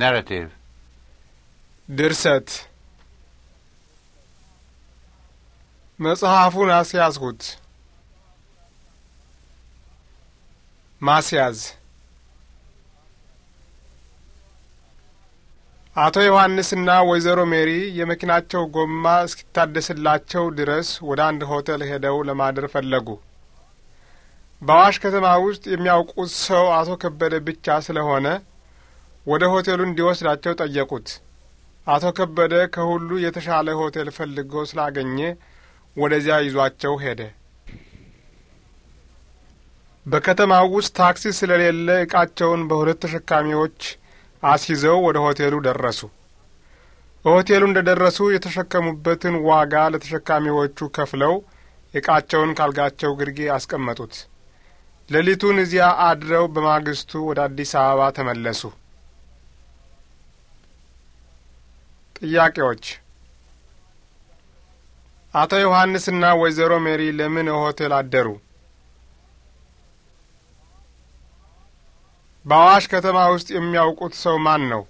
ናራቲቭ ድርሰት መጽሐፉን አስያዝሁት። ማስያዝ አቶ ዮሐንስና ወይዘሮ ሜሪ የመኪናቸው ጎማ እስኪታደስላቸው ድረስ ወደ አንድ ሆቴል ሄደው ለማደር ፈለጉ። በአዋሽ ከተማ ውስጥ የሚያውቁት ሰው አቶ ከበደ ብቻ ስለሆነ ወደ ሆቴሉ እንዲወስዳቸው ጠየቁት። አቶ ከበደ ከሁሉ የተሻለ ሆቴል ፈልጎ ስላገኘ ወደዚያ ይዟቸው ሄደ። በከተማው ውስጥ ታክሲ ስለሌለ እቃቸውን በሁለት ተሸካሚዎች አስይዘው ወደ ሆቴሉ ደረሱ። በሆቴሉ እንደ ደረሱ የተሸከሙበትን ዋጋ ለተሸካሚዎቹ ከፍለው እቃቸውን ካልጋቸው ግርጌ አስቀመጡት። ሌሊቱን እዚያ አድረው በማግስቱ ወደ አዲስ አበባ ተመለሱ። ጥያቄዎች አቶ ዮሐንስና ወይዘሮ ሜሪ ለምን ሆቴል አደሩ? በአዋሽ ከተማ ውስጥ የሚያውቁት ሰው ማን ነው?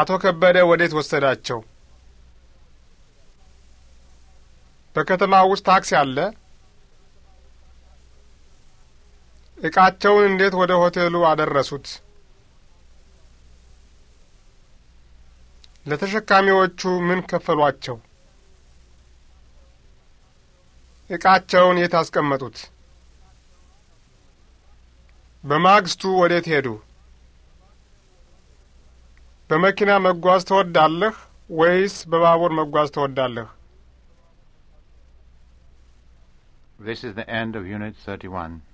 አቶ ከበደ ወዴት ወሰዳቸው? በከተማው ውስጥ ታክሲ አለ? ዕቃቸውን እንዴት ወደ ሆቴሉ አደረሱት? ለተሸካሚዎቹ ምን ከፈሏቸው? ዕቃቸውን የት አስቀመጡት? በማግስቱ ወዴት ሄዱ? በመኪና መጓዝ ትወዳለህ ወይስ በባቡር መጓዝ ትወዳለህ? This is the end of Unit 31.